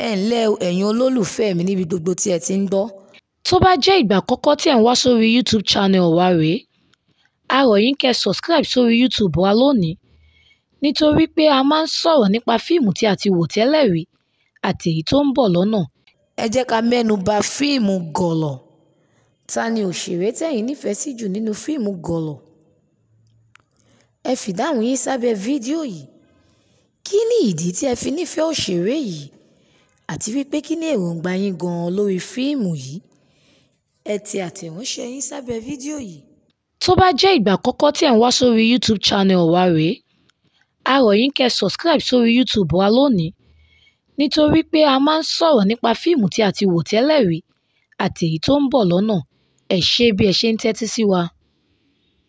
ẹ ǹlẹ́ o ẹ̀yin olólùfẹ́ mi níbi gbogbo tí ẹ ti ń gbọ́ tó bá jẹ́ ìgbà àkọ́kọ́ tí ẹ̀ ń wá sórí youtube channel wa rèé a rọ̀ yín kẹ́ subscribe sórí youtube wa lónìí nítorí pé a máa ń sọ̀rọ̀ nípa fíìmù tí a ti wò tẹ́lẹ̀ rí àti èyí tó ń bọ̀ lọ́nà. ẹ jẹ́ ká mẹ́nu bà fíìmù gọ̀lọ̀ ta ni òṣèré tẹ̀yin nífẹ̀ẹ́ sí jù nínú fíìmù gọ̀lọ̀ ẹ fìdáhùn yín sábẹ́ fídíò yìí kí ni ìdí tí ẹ fi nífẹ̀ẹ́ òṣèré yìí àti wípé kí ni èròǹgbà yín gan-an lórí fíìmù yìí ẹ ti àtẹ̀ránṣẹ́ yín sábẹ́ fídíò yìí. tó bá jẹ́ ìgbà àkọ́kọ́ tí ẹ̀ ń wá sórí youtube channel wa rèé a rọ̀ yín kẹ́ subscribe sórí youtube wa lónìí nítorí pé a máa ń sọ̀rọ̀ nípa fíìmù tí a ti wò tẹ́lẹ̀ rí àti èyí tó ń bọ̀ lọ́nà ẹ ṣé bí ẹ ṣe ń tẹ́tí sí wa.